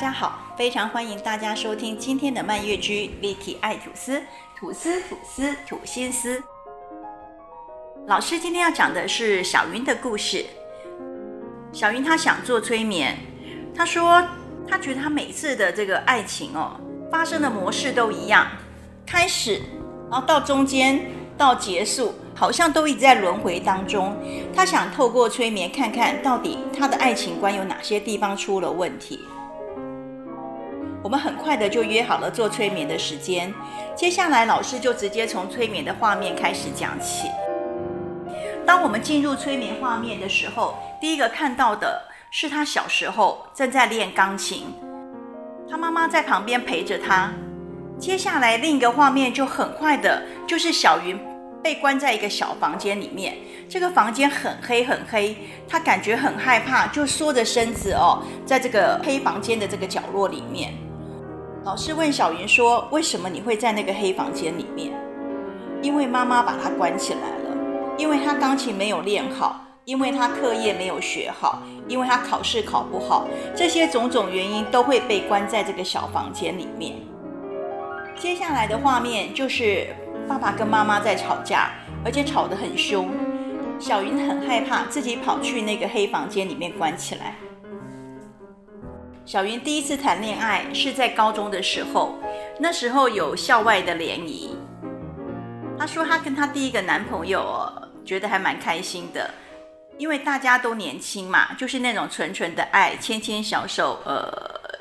大家好，非常歡迎大家收聽今天的《漫月居 Vicky 愛吐司吐司吐司吐心思》。老師今天要講的是小云的故事。小云她想做催眠，她說她覺得她每次的這個愛情哦發生的模式都一樣，開始然後到中間到結束，好像都一直在輪迴當中。她想透過催眠看看到底她的愛情觀有哪些地方出了問題。我們很快的就約好了做催眠的時間。接下來老師就直接從催眠的畫面開始講起。當我們進入催眠畫面的時候，第一個看到的是他小時候正在練鋼琴，他媽媽在旁邊陪着他。接下來另一個畫面就很快的，就是小芸被關在一個小房間裡面，這個房間很黑很黑，他感覺很害怕，就縮着身子哦，在這個黑房間的這個角落裡面。老師問小芸說：“為什麼你會在那個黑房間裡面？因為媽媽把她關起來了，因為她鋼琴沒有練好，因為她課業沒有學好，因為她考試考不好，這些種種原因都會被關在這個小房間裡面。”接下來的畫面就是爸爸跟媽媽在吵架，而且吵得很兇。小芸很害怕，自己跑去那個黑房間裡面關起來。小芸第一次談戀愛是在高中的時候，那時候有校外的聯誼。她說她跟她第一個男朋友覺得還蠻開心的，因為大家都年輕嘛，就是那種純純的愛，牽牽小手，呃，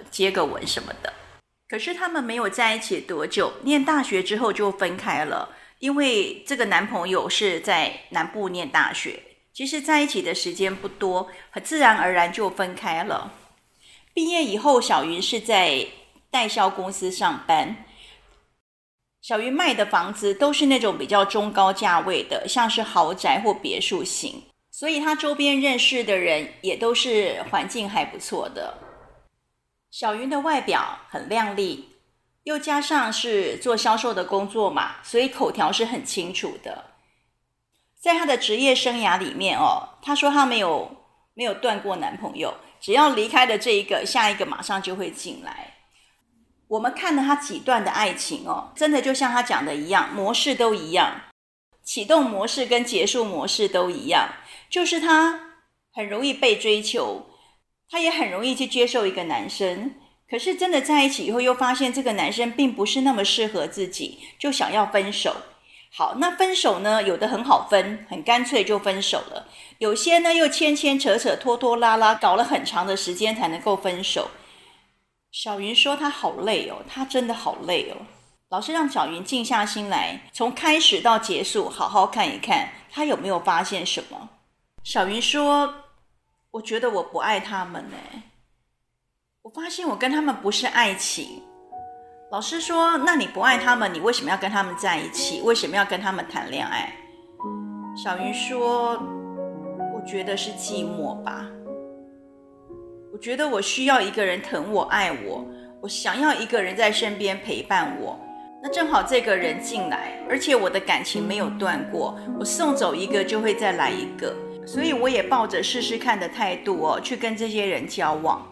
接個吻什麼的。可是他們沒有在一起多久，念大學之後就分開了，因為這個男朋友是在南部念大學，其實在一起的時間不多，很自然而然就分開了。畢業以後，小芸是在代銷公司上班。小芸賣的房子都是那種比較中高價位的，像是豪宅或別墅型，所以她周邊認識的人也都是環境還不錯的。小芸的外表很靚麗，又加上是做銷售的工作嘛，所以口條是很清楚的。在她的職業生涯裡面哦，她說她沒有沒有斷過男朋友。只要離開了這一個，下一個馬上就會進來。我們看了他幾段的愛情哦，真的就像他講的一樣，模式都一樣，啟動模式跟結束模式都一樣，就是他很容易被追求，他也很容易去接受一個男生，可是真的在一起以後，又發現這個男生並不是那麼適合自己，就想要分手。好，那分手呢？有的很好分，很乾脆就分手了；有些呢又牽牽扯扯、拖拖拉拉，搞了很長的時間才能夠分手。小芸說她好累哦，她真的好累哦。老師讓小芸靜下心來，從開始到結束，好好看一看，她有沒有發現什麼。小芸說：“我覺得我不愛他們誒，我發現我跟他們不是愛情。”老師說：“那你不愛他們，你為什麼要跟他們在一起？為什麼要跟他們談戀愛？”小芸說：“我覺得是寂寞吧。我覺得我需要一個人疼我、愛我，我想要一個人在身邊陪伴我。那正好這個人進來，而且我的感情沒有斷過，我送走一個就會再來一個，所以我也抱着試試看的態度哦，去跟這些人交往。”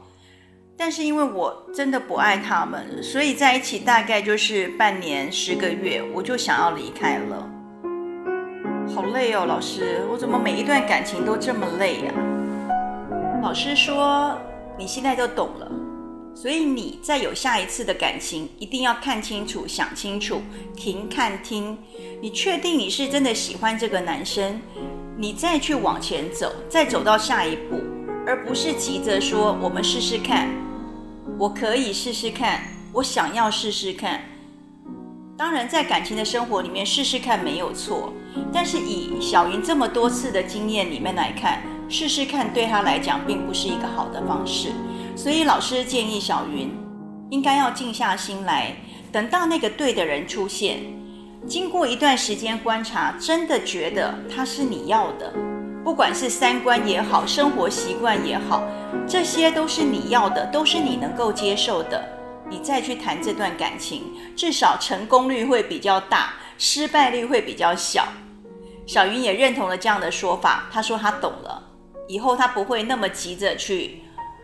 但是因為我真的不愛他們，所以在一起大概就是半年十個月，我就想要離開了。好累哦，老師，我怎麼每一段感情都這麼累呀、啊？老師說，你現在就懂了，所以你再有下一次的感情，一定要看清楚、想清楚、停、看、聽。你確定你是真的喜歡這個男生，你再去往前走，再走到下一步，而不是急着說，我們試試看。我可以試試看，我想要試試看。當然，在感情的生活裡面試試看沒有錯，但是以小芸這麼多次的經驗裡面來看，試試看對她來講並不是一個好的方式。所以老師建議小芸應該要靜下心來，等到那個對的人出現，經過一段時間觀察，真的覺得他是你要的。不管是三觀也好，生活習慣也好，這些都是你要的，都是你能夠接受的。你再去談這段感情，至少成功率會比較大，失敗率會比較小。小芸也認同了這樣的說法，她說她懂了，以後她不會那麼急着去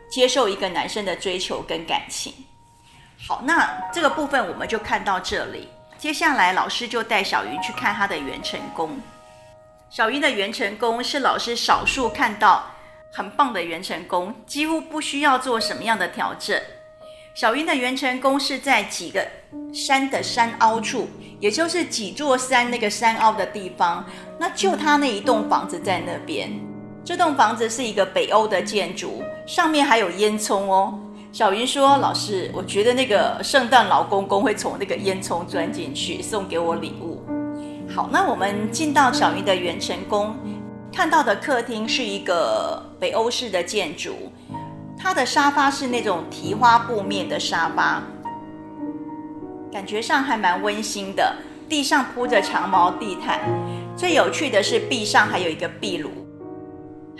接受一個男生的追求跟感情。好，那這個部分我們就看到這裡，接下來老師就帶小芸去看她的原成功。小芸的元辰宮是老師少數看到很棒的元辰宮，幾乎不需要做什麼樣的調整。小芸的元辰宮是在幾個山的山凹處，也就是幾座山那個山凹的地方，那就他那一棟房子在那邊。這棟房子是一個北歐的建築，上面還有煙囪哦。小芸說：“老師，我覺得那個聖誕老公公會從那個煙囪鑽進去，送給我禮物。”好，那我們進到小芸的元辰宮，看到的客廳是一個北歐式的建築，它的沙發是那種提花布面的沙發，感覺上還蠻溫馨的。地上鋪着長毛地毯，最有趣的是壁上還有一個壁爐，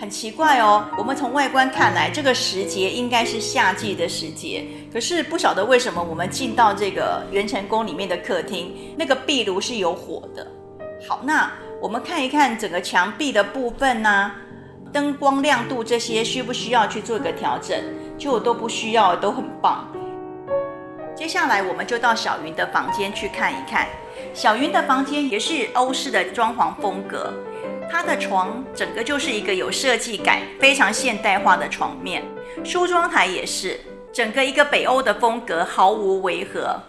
很奇怪哦。我們從外觀看來，這個時節應該是夏季的時節，可是不曉得為什麼我們進到這個元辰宮裡面的客廳，那個壁爐是有火的。好，那我們看一看整個牆壁的部分呢啊，燈光亮度這些需不需要去做一個調整？就都不需要，都很棒。接下來我們就到小云的房間去看一看。小云的房間也是歐式的裝潢風格，她的床整個就是一個有設計感、非常現代化的床面，梳妝台也是整個一個北歐的風格，毫無違和。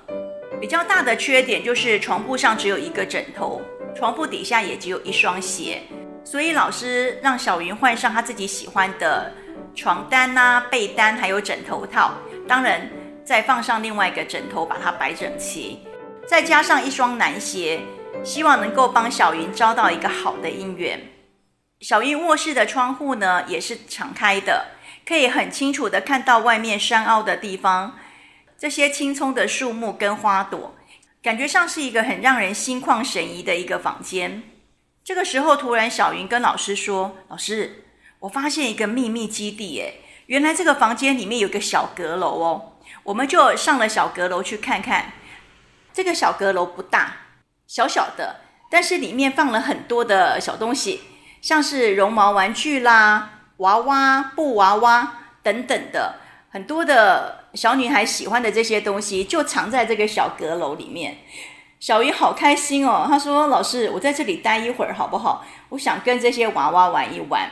比較大的缺點就是床鋪上只有一個枕頭。床鋪底下也只有一雙鞋，所以老師讓小芸換上她自己喜歡的床單啊、被單，還有枕頭套，當然再放上另外一個枕頭，把它擺整齊，再加上一雙男鞋，希望能夠幫小芸招到一個好的姻緣。小芸臥室的窗戶呢也是敞開的，可以很清楚地看到外面山坳的地方，這些青蔥的樹木跟花朵。感覺像是一個很讓人心曠神怡的一個房間。這個時候，突然小云跟老師說：“老師，我發現一個秘密基地！誒，原來這個房間裡面有個小閣樓哦。我們就上了小閣樓去看看。這個小閣樓不大，小小的，但是裡面放了很多的小東西，像是絨毛玩具啦，娃娃，布娃娃等等的，很多的。”小女孩喜歡的這些東西就藏在這個小閣樓裡面。小芸好開心哦，她說：“老師，我在這裡待一會兒好不好？我想跟這些娃娃玩一玩。”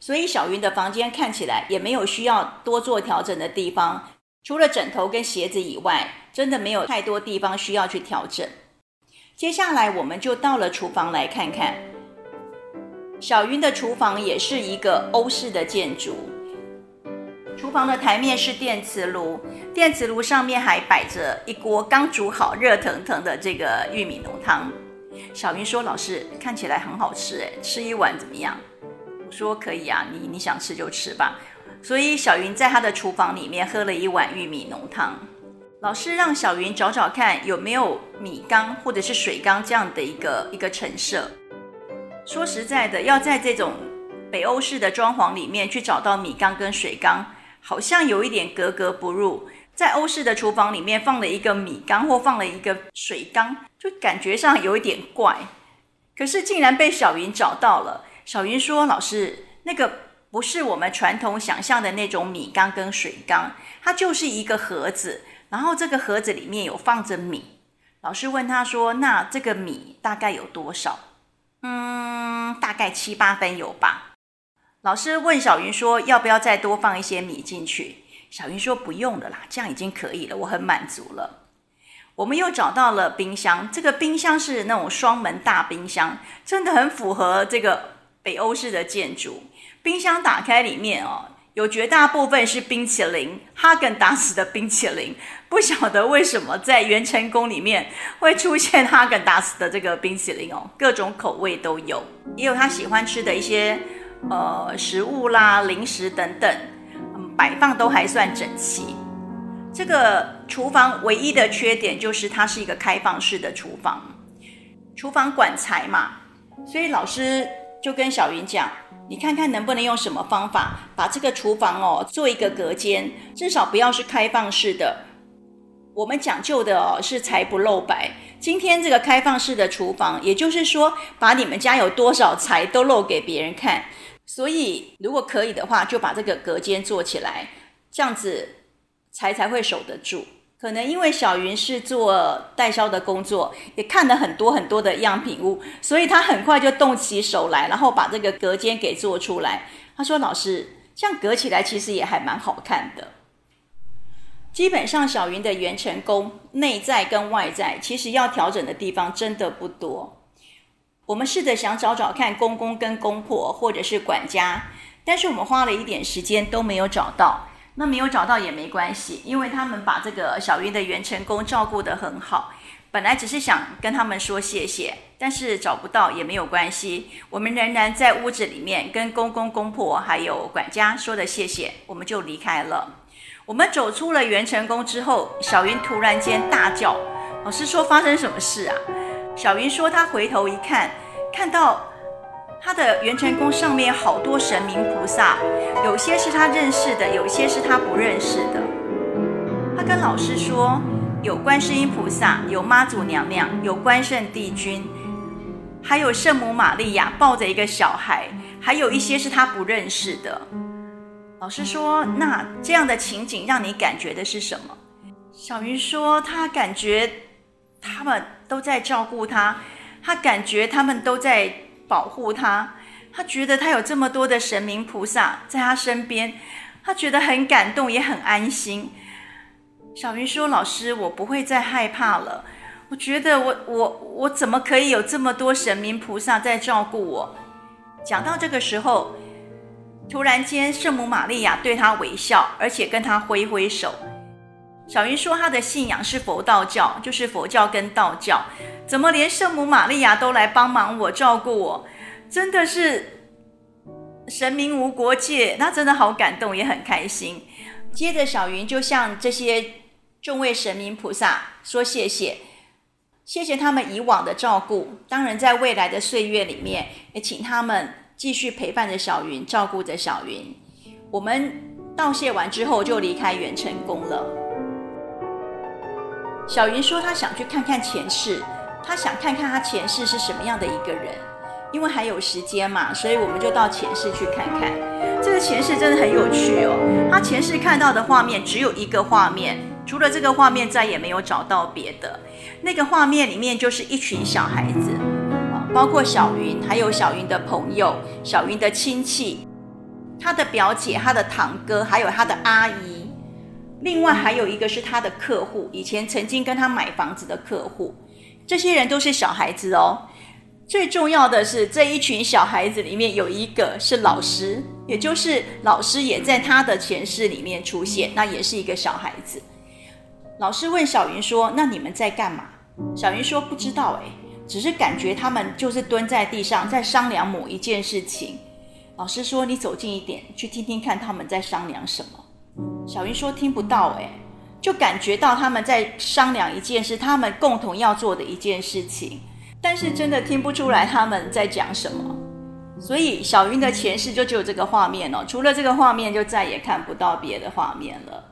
所以小芸的房間看起來也沒有需要多做調整的地方，除了枕頭跟鞋子以外，真的沒有太多地方需要去調整。接下來我們就到了廚房來看看。小芸的廚房也是一個歐式的建築。廚房的檯面是電磁爐，電磁爐上面還擺着一鍋剛煮好、熱騰騰的這個玉米濃湯。小芸說：“老師，看起來很好吃，誒，吃一碗怎麼樣？”我說：“可以啊，你你想吃就吃吧。”所以小芸在他的廚房裡面喝了一碗玉米濃湯。老師讓小芸找找看有沒有米缸或者是水缸這樣的一個一個陳設。說實在的，要在這種北歐式的裝潢裡面去找到米缸跟水缸。好像有一點格格不入，在歐式的廚房裡面放了一個米缸或放了一個水缸，就感覺上有一點怪。可是竟然被小芸找到了。小芸說：“老師，那個不是我們傳統想象的那種米缸跟水缸，它就是一個盒子，然後這個盒子裡面有放着米。”老師問他說：“那這個米大概有多少？”嗯，大概七八分有吧。老師問小云說：“要不要再多放一些米進去？”小云說：“不用了啦，這樣已經可以了，我很滿足了。”我們又找到了冰箱，這個冰箱是那種雙門大冰箱，真的很符合這個北歐式的建築。冰箱打開裡面哦，有絕大部分是冰淇淋，哈根達斯的冰淇淋。不曉得為什麼在元成宮裡面會出現哈根達斯的這個冰淇淋哦，各種口味都有，也有他喜歡吃的一些。呃，食物啦、零食等等，嗯，擺放都還算整齊。這個廚房唯一的缺點就是它是一個開放式的廚房，廚房管材嘛，所以老師就跟小芸講，你看看能不能用什麼方法把這個廚房哦做一個隔間，至少不要是開放式的。我們講究的哦是財不露白。今天這個開放式的廚房，也就是說把你們家有多少財都露給別人看。所以如果可以的話，就把這個隔間做起來，這樣子財才會守得住。可能因為小云是做代銷的工作，也看了很多很多的樣品屋，所以他很快就動起手來，然後把這個隔間給做出來。他說：“老師，這樣隔起來其實也還蠻好看的。”基本上小，小芸的元辰宮內在跟外在，其實要調整的地方真的不多。我們試着想找找看公公跟公婆或者是管家，但是我們花了一點時間都沒有找到。那沒有找到也沒關係，因為他們把這個小芸的元辰宮照顧得很好。本來只是想跟他們說謝謝，但是找不到也沒有關係。我們仍然在屋子裡面跟公公、公婆還有管家說的謝謝，我們就離開了。我們走出了元辰宮之後，小雲突然間大叫：“老師，說發生什麼事啊？”小雲說：“她回頭一看，看到她的元辰宮上面好多神明菩薩，有些是她認識的，有些是她不認識的。她跟老師說，有觀世音菩薩，有媽祖娘娘，有關聖帝君，還有聖母瑪利亞抱着一個小孩，還有一些是她不認識的。”老師說：“那這樣的情景讓你感覺的是什麼？”小芸說：“他感覺他們都在照顧他，他感覺他們都在保護他，他覺得他有這麼多的神明菩薩在他身邊，他覺得很感動，也很安心。”小芸說：“老師，我不會再害怕了。我覺得我我我怎麼可以有這麼多神明菩薩在照顧我？”講到這個時候。突然間，聖母瑪利亞對他微笑，而且跟他揮揮手。小云說：“他的信仰是佛道教，就是佛教跟道教，怎麼連聖母瑪利亞都來幫忙我照顧我？真的是神明無國界，他真的好感動，也很開心。接着，小云就向這些眾位神明菩薩說謝謝，謝謝他們以往的照顧。當然，在未來的歲月裡面，也請他們。”繼續陪伴着小芸，照顧着小芸。我們道謝完之後，就離開元辰宮了。小芸說，她想去看看前世，她想看看她前世是什麼樣的一個人。因為還有時間嘛，所以我們就到前世去看看。這個前世真的很有趣哦。她前世看到的畫面只有一個畫面，除了這個畫面，再也沒有找到別的。那個畫面裡面就是一群小孩子。包括小芸，還有小芸的朋友、小芸的親戚、他的表姐、他的堂哥，還有他的阿姨。另外還有一個是他的客戶，以前曾經跟他買房子的客戶。這些人都是小孩子哦。最重要的是，這一群小孩子裡面有一個是老師，也就是老師也在他的前世裡面出現，那也是一個小孩子。老師問小芸說：“那你們在幹嘛？”小芸說：“不知道。”哎。只是感覺他們就是蹲在地上在商量某一件事情。老師說：“你走近一點，去聽聽看他們在商量什麼。”小芸說：“聽不到欸，就感覺到他們在商量一件事，他們共同要做的一件事情，但是真的聽不出來他們在講什麼。”所以小芸的前世就只有這個畫面了，除了這個畫面就再也看不到別的畫面了。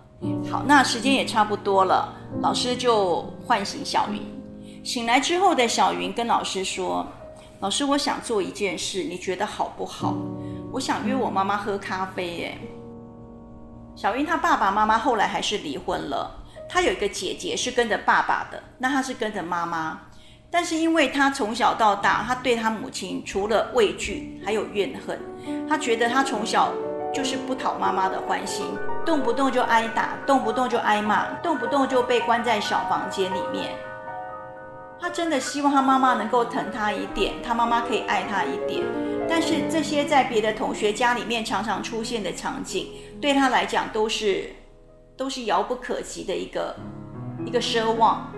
好，那時間也差不多了，老師就喚醒小芸。醒來之後的小芸跟老師說：“老師，我想做一件事，你覺得好不好？我想約我媽媽喝咖啡。”耶。小芸她爸爸媽媽後來還是離婚了。她有一個姐姐是跟着爸爸的，那她是跟着媽媽。但是因為她從小到大，她對她母親除了畏懼，還有怨恨。她覺得她從小就是不討媽媽的歡心，動不動就挨打，動不動就挨罵，動不動就被關在小房間裡面。他真的希望他媽媽能夠疼他一點，他媽媽可以愛他一點，但是這些在別的同學家裡面常常出現的場景，對他來講都是都是遙不可及的一個一個奢望。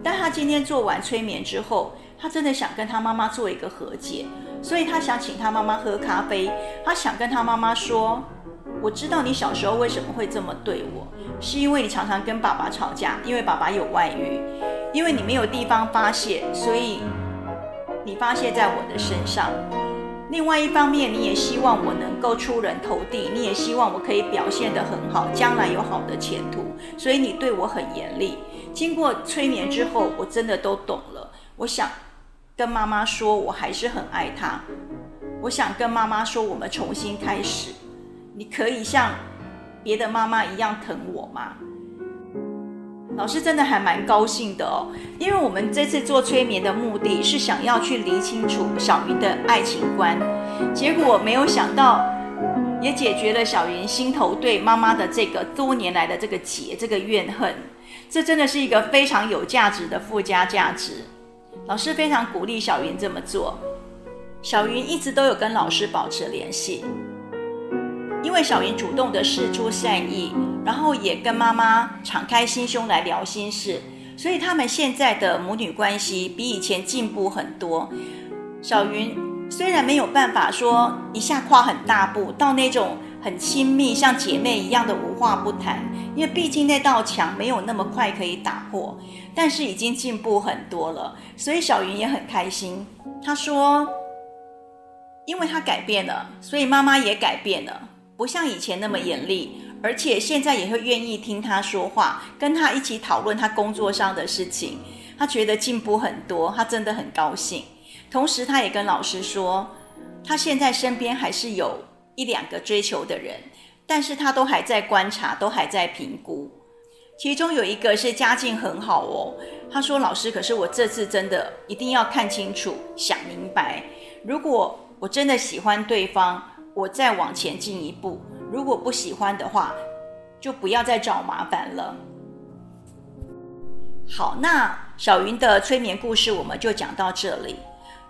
但他今天做完催眠之後，他真的想跟他媽媽做一個和解，所以他想請他媽媽喝咖啡，他想跟他媽媽說：“我知道你小時候為什麼會這麼對我，是因為你常常跟爸爸吵架，因為爸爸有外遇。”因為你沒有地方發洩，所以你發洩在我的身上。另外一方面，你也希望我能夠出人頭地，你也希望我可以表現得很好，將來有好的前途。所以你對我很嚴厲。經過催眠之後，我真的都懂了。我想跟媽媽說，我還是很愛她。我想跟媽媽說，我們重新開始。你可以像別的媽媽一樣疼我嗎？老師真的還蠻高興的哦，因為我們這次做催眠的目的是想要去理清楚小云的愛情觀，結果沒有想到，也解決了小云心頭對媽媽的這個多年來的這個結、這個怨恨。這真的是一個非常有價值的附加價值。老師非常鼓勵小云這麼做。小云一直都有跟老師保持聯繫，因為小云主動的釋出善意。然後也跟媽媽敞開心胸來聊心事，所以他們現在的母女關係比以前進步很多。小芸雖然沒有辦法說一下跨很大步到那種很親密像姐妹一樣的無話不談，因為畢竟那道牆沒有那麼快可以打破，但是已經進步很多了。所以小芸也很開心。她說：“因為她改變了，所以媽媽也改變了，不像以前那麼嚴厲。”而且現在也會願意聽他說話，跟他一起討論他工作上的事情。他覺得進步很多，他真的很高興。同時，他也跟老師說，他現在身邊還是有一兩個追求的人，但是他都還在觀察，都還在評估。其中有一個是家境很好哦。他說：“老師，可是我這次真的一定要看清楚、想明白。如果我真的喜歡對方。”我再往前進一步，如果不喜歡的話，就不要再找麻煩了。好，那小芸的催眠故事我們就講到這裡。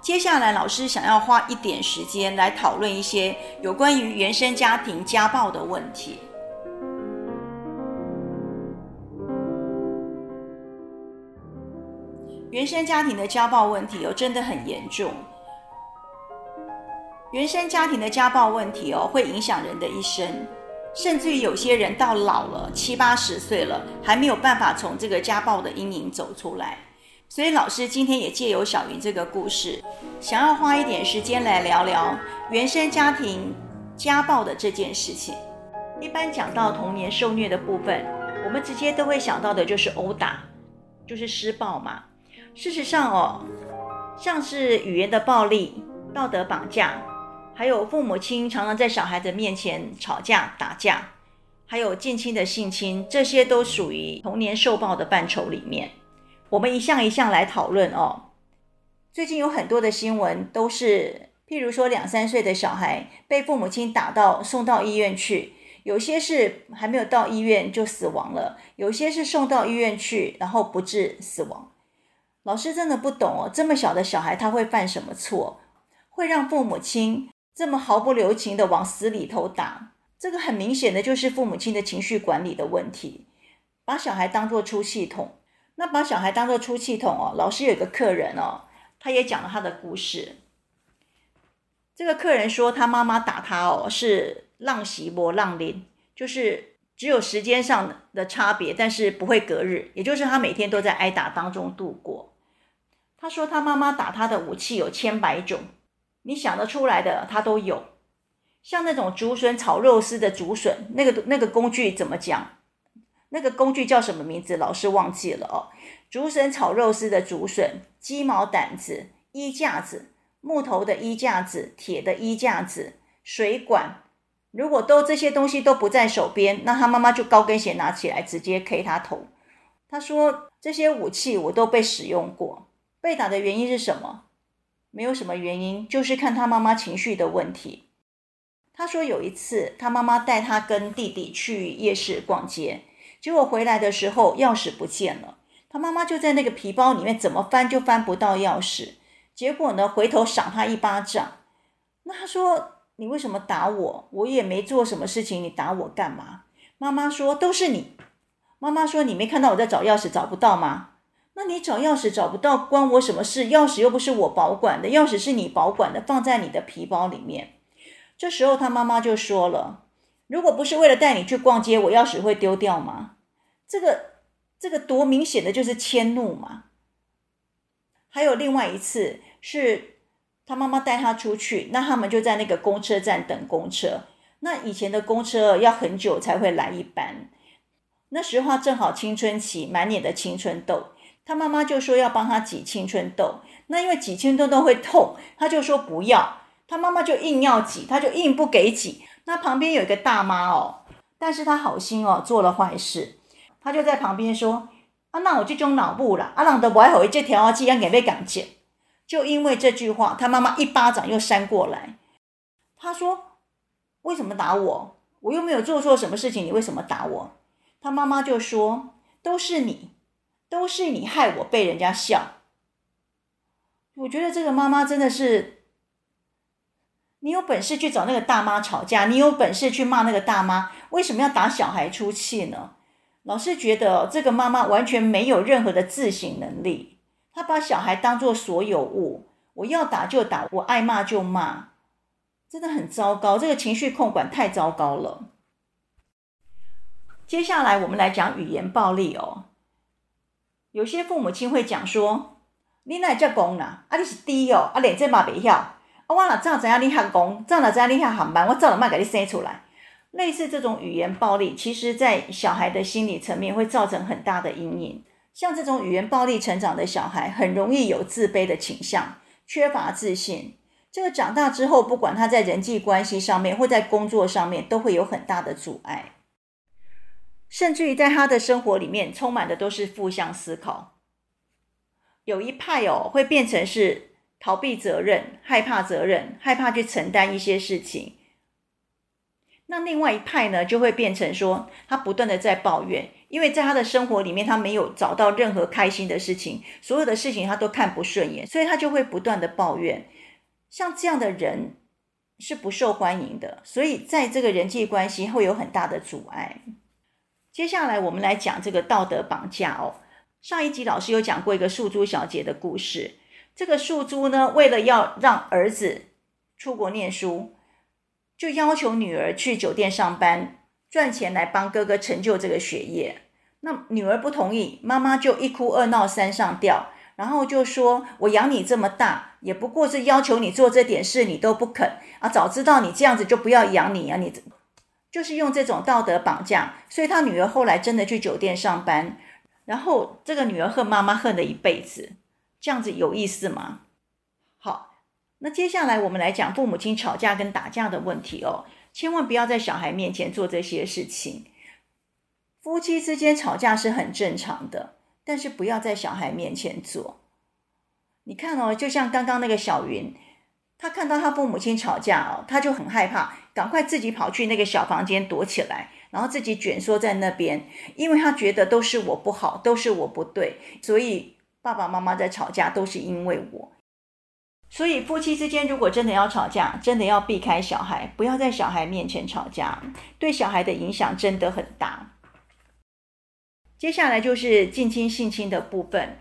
接下來，老師想要花一點時間來討論一些有關於原生家庭家暴的問題。原生家庭的家暴問題哦，真的很嚴重。原生家庭的家暴問題哦，會影響人的一生，甚至於有些人到老了七八十歲了，還沒有辦法從這個家暴的陰影走出來。所以老師今天也借由小芸這個故事，想要花一點時間來聊聊原生家庭家暴的這件事情。一般講到童年受虐的部分，我們直接都會想到的就是毆打，就是施暴嘛。事實上哦，像是語言的暴力、道德綁架。還有父母親常常在小孩子面前吵架打架，還有近親的性侵，這些都屬於童年受暴的範疇裡面。我們一項一項來討論哦。最近有很多的新聞都是，譬如說兩三歲的小孩被父母親打到送到醫院去，有些是還沒有到醫院就死亡了，有些是送到醫院去然後不治死亡。老師真的不懂哦，這麼小的小孩他會犯什麼錯，會讓父母親？這麼毫不留情的往死裡頭打，這個很明顯的就是父母親的情緒管理的問題，把小孩當作出氣筒。那把小孩當作出氣筒哦，老師有一個客人哦，他也講了他的故事。這個客人說他媽媽打他哦，是浪襲波浪零，就是只有時間上的差別，但是不會隔日，也就是他每天都在挨打當中度過。他說他媽媽打他的武器有千百種。你想得出來的，他都有。像那種竹筍炒肉絲的竹筍，那個那個工具怎麼講？那個工具叫什麼名字？老是忘記了哦。竹筍炒肉絲的竹筍，雞毛撣子、衣架子、木頭的衣架子、鐵的衣架子、水管。如果都這些東西都不在手邊，那他媽媽就高跟鞋拿起來直接 K 他頭。他說這些武器我都被使用過，被打的原因是什麼？沒有什麼原因，就是看他媽媽情緒的問題。他說有一次，他媽媽帶他跟弟弟去夜市逛街，結果回來的時候鑰匙不見了。他媽媽就在那個皮包裡面怎麼翻就翻不到鑰匙，結果呢，回頭賞他一巴掌。那他說：“你為什麼打我？我也沒做什麼事情，你打我幹嘛？”媽媽說：“都是你。”媽媽說：“你沒看到我在找鑰匙，找不到嗎？”那你找鑰匙找不到關我什麼事？鑰匙又不是我保管的，鑰匙是你保管的，放在你的皮包裡面。這時候他媽媽就說了：“如果不是為了帶你去逛街，我鑰匙會丟掉嗎？”這個這個多明顯的就是遷怒嘛。還有另外一次是他媽媽帶他出去，那他們就在那個公車站等公車。那以前的公車要很久才會來一班。那時候正好青春期，滿臉的青春痘。他媽媽就說要幫他擠青春痘，那因為擠青春痘會痛，他就說不要。他媽媽就硬要擠，他就硬不給擠。那旁邊有一個大媽哦，但是他好心哦，做了壞事，他就在旁邊說：“啊，那我這種腦部啦，阿朗我不會回這調教劑，要給被趕緊。”就因為這句話，他媽媽一巴掌又扇過來。他說：“為什麼打我？我又沒有做錯什麼事情，你為什麼打我？”他媽媽就說：“都是你。”都是你害我被人家笑。我覺得這個媽媽真的是，你有本事去找那個大媽吵架，你有本事去罵那個大媽，為什麼要打小孩出氣呢？老是覺得這個媽媽完全沒有任何的自省能力，她把小孩當做所有物，我要打就打，我愛罵就罵，真的很糟糕，這個情緒控管太糟糕了。接下來我們來講語言暴力哦。有些父母親會講說：“你那也遮戇啊，啊你是豬哦、喔，啊連這嘛袂曉，啊我若早知影你遐戇，早來知影你遐含慢，我早來賣給你生出來。”類似這種語言暴力，其實在小孩的心理層面會造成很大的陰影。像這種語言暴力成長的小孩，很容易有自卑的傾向，缺乏自信。這個長大之後，不管他在人際關係上面，或在工作上面，都會有很大的阻礙。甚至於在他的生活裡面，充滿的都是負向思考。有一派哦，會變成是逃避責任、害怕責任、害怕去承擔一些事情。那另外一派呢，就會變成說，他不斷的在抱怨，因為在他的生活裡面，他沒有找到任何開心的事情，所有的事情他都看不順眼，所以他就會不斷的抱怨。像這樣的人是不受歡迎的，所以在這個人際關係會有很大的阻礙。接下來我們來講這個道德綁架哦。上一集老師有講過一個樹珠小姐的故事，這個樹珠呢，為了要讓兒子出國念書，就要求女兒去酒店上班賺錢來幫哥哥成就這個學業。那女兒不同意，媽媽就一哭二鬧三上吊，然後就說：“我養你這麼大，也不過是要求你做這點事，你都不肯啊！早知道你這樣子，就不要養你啊。你。就是用這種道德綁架，所以他女兒後來真的去酒店上班，然後這個女兒恨媽媽恨了一輩子，這樣子有意思嗎？好，那接下來我們來講父母親吵架跟打架的問題哦，千萬不要在小孩面前做這些事情。夫妻之間吵架是很正常的，但是不要在小孩面前做。你看哦，就像剛剛那個小芸。他看到他父母親吵架哦，他就很害怕，趕快自己跑去那個小房間躲起來，然後自己蜷縮在那邊，因為他覺得都是我不好，都是我不對，所以爸爸媽媽在吵架都是因為我。所以夫妻之間如果真的要吵架，真的要避開小孩，不要在小孩面前吵架，對小孩的影響真的很大。接下來就是近親性侵的部分，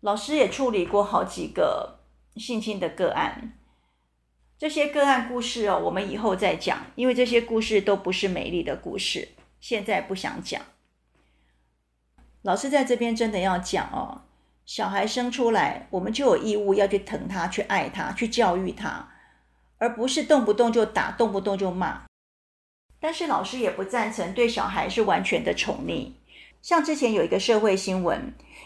老師也處理過好幾個性侵的個案。這些個案故事哦，我們以後再講，因為這些故事都不是美麗的故事，現在不想講。老師在這邊真的要講哦，小孩生出來，我們就有義務要去疼他、去愛他、去教育他，而不是動不動就打、動不動就罵。但是老師也不贊成對小孩是完全的寵溺。像之前有一個社會新聞，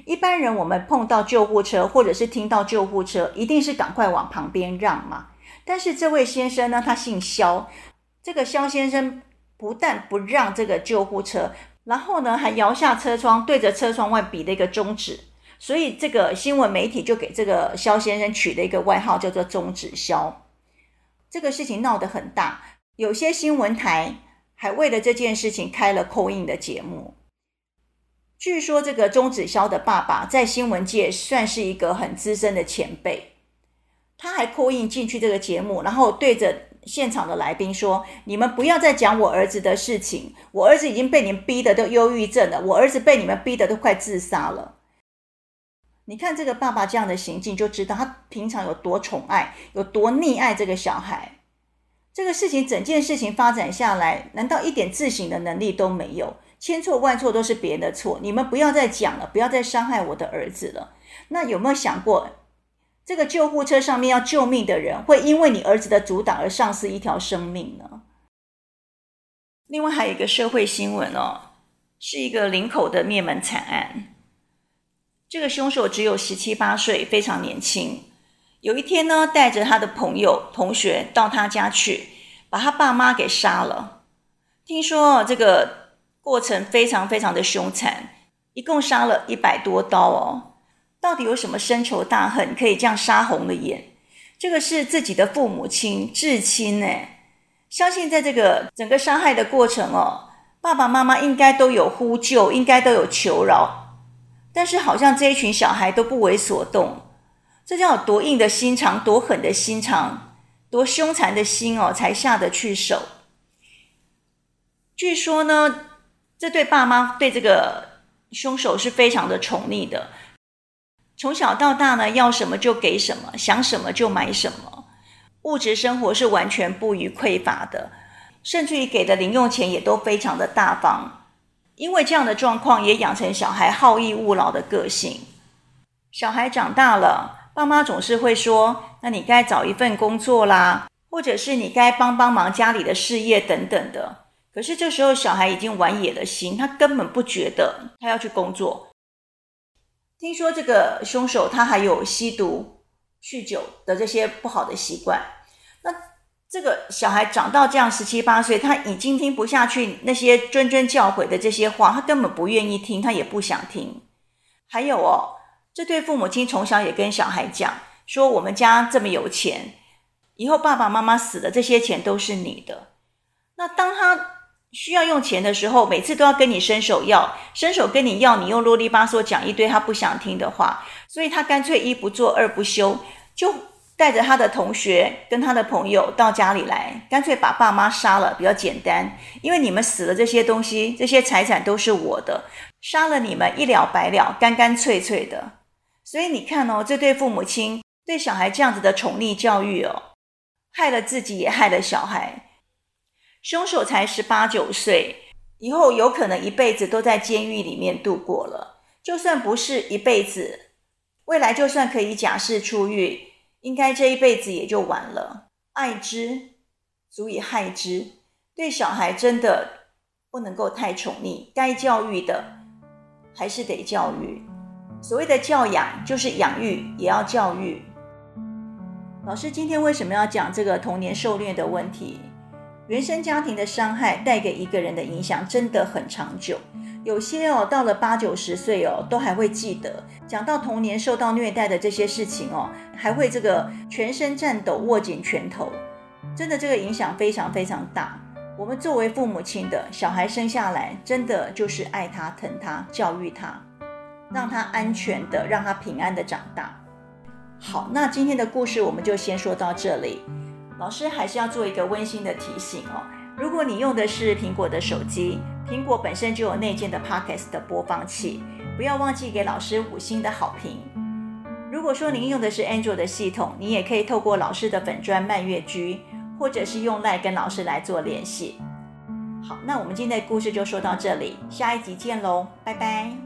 一般人我們碰到救護車或者是聽到救護車，一定是趕快往旁邊讓嘛。但是這位先生呢，他姓肖，這個肖先生不但不讓這個救護車，然後呢還搖下車窗，對着車窗外比了一個中指，所以這個新聞媒體就給這個肖先生取了一個外號，叫做“中指肖”。這個事情鬧得很大，有些新聞台還為了這件事情開了 call in 的節目。據說這個“中指肖”的爸爸在新聞界算是一個很資深的前輩。他還 call in 進去這個節目，然後對着現場的來賓說：“你們不要再講我兒子的事情，我兒子已經被你們逼得都憂鬱症了，我兒子被你們逼得都快自殺了。你看這個爸爸這樣的行徑，就知道他平常有多寵愛、有多溺愛這個小孩。這個事情，整件事情發展下來，難道一點自省的能力都沒有？千錯萬錯都是別人的錯，你們不要再講了，不要再傷害我的兒子了。那有沒有想過？”這個救護車上面要救命的人，會因為你兒子的阻擋而喪失一條生命呢。另外還有一個社會新聞哦，是一個林口的滅門慘案。這個兇手只有十七八歲，非常年輕。有一天呢，帶着他的朋友同學到他家去，把他爸媽給殺了。聽說這個過程非常非常的兇殘，一共殺了一百多刀哦。到底有什麼深仇大恨可以這樣殺紅了眼？這個是自己的父母親、至親呢。相信在這個整個殺害的過程哦，爸爸媽媽應該都有呼救，應該都有求饒。但是好像這一群小孩都不為所動，這叫多硬的心腸、多狠的心腸、多兇殘的心哦，才下得去手。據說呢，這對爸媽對這個兇手是非常的寵溺的。從小到大呢，要什麼就給什麼，想什麼就買什麼，物質生活是完全不虞匱乏的，甚至於給的零用錢也都非常的大方，因為這樣的狀況也養成小孩好逸惡勞的個性。小孩長大了，爸媽總是會說：“那你該找一份工作啦，或者是你該幫幫忙家裡的事業等等的。”可是這時候，小孩已經玩野了心，他根本不覺得他要去工作。聽說這個兇手他還有吸毒、酗酒的這些不好的習慣。那這個小孩長到這樣十七八歲，他已經聽不下去那些諄諄教誨的這些話，他根本不願意聽，他也不想聽。還有哦，這對父母親從小也跟小孩講說，我們家這麼有錢，以後爸爸媽媽死了，這些錢都是你的。那當他……需要用錢的時候，每次都要跟你伸手要，伸手跟你要，你又囉里吧嗦講一堆他不想聽的話，所以他乾脆一不做二不休，就帶着他的同學跟他的朋友到家裡來，乾脆把爸媽殺了比較簡單，因為你們死了這些東西，這些財產都是我的，殺了你們一了百了，乾乾脆脆的。所以你看哦，這對父母親對小孩這樣子的寵溺教育哦，害了自己也害了小孩。兇手才十八九歲，以後有可能一輩子都在監獄裡面度過了。就算不是一輩子，未來就算可以假釋出獄，應該這一輩子也就完了。愛之足以害之，對小孩真的不能夠太寵溺，該教育的還是得教育。所謂的教養就是養育，也要教育。老師今天為什麼要講這個童年受虐的問題？原生家庭的傷害帶給一個人的影響真的很長久，有些哦到了八九十歲哦都還會記得。講到童年受到虐待的這些事情哦，還會這個全身顫抖、握緊拳頭，真的這個影響非常非常大。我們作為父母親的小孩生下來，真的就是愛他、疼他、教育他，讓他安全的、讓他平安的長大。好，那今天的故事我們就先說到這裡。老師還是要做一個溫馨的提醒哦，如果你用的是蘋果的手機，蘋果本身就有內建的 Podcast 的播放器，不要忘記給老師五星的好評。如果說您用的是 Android 的系統，你也可以透過老師的粉專慢月居，或者是用 Line 跟老師來做聯繫。好，那我們今天的故事就說到這裡，下一集見嘍，拜拜。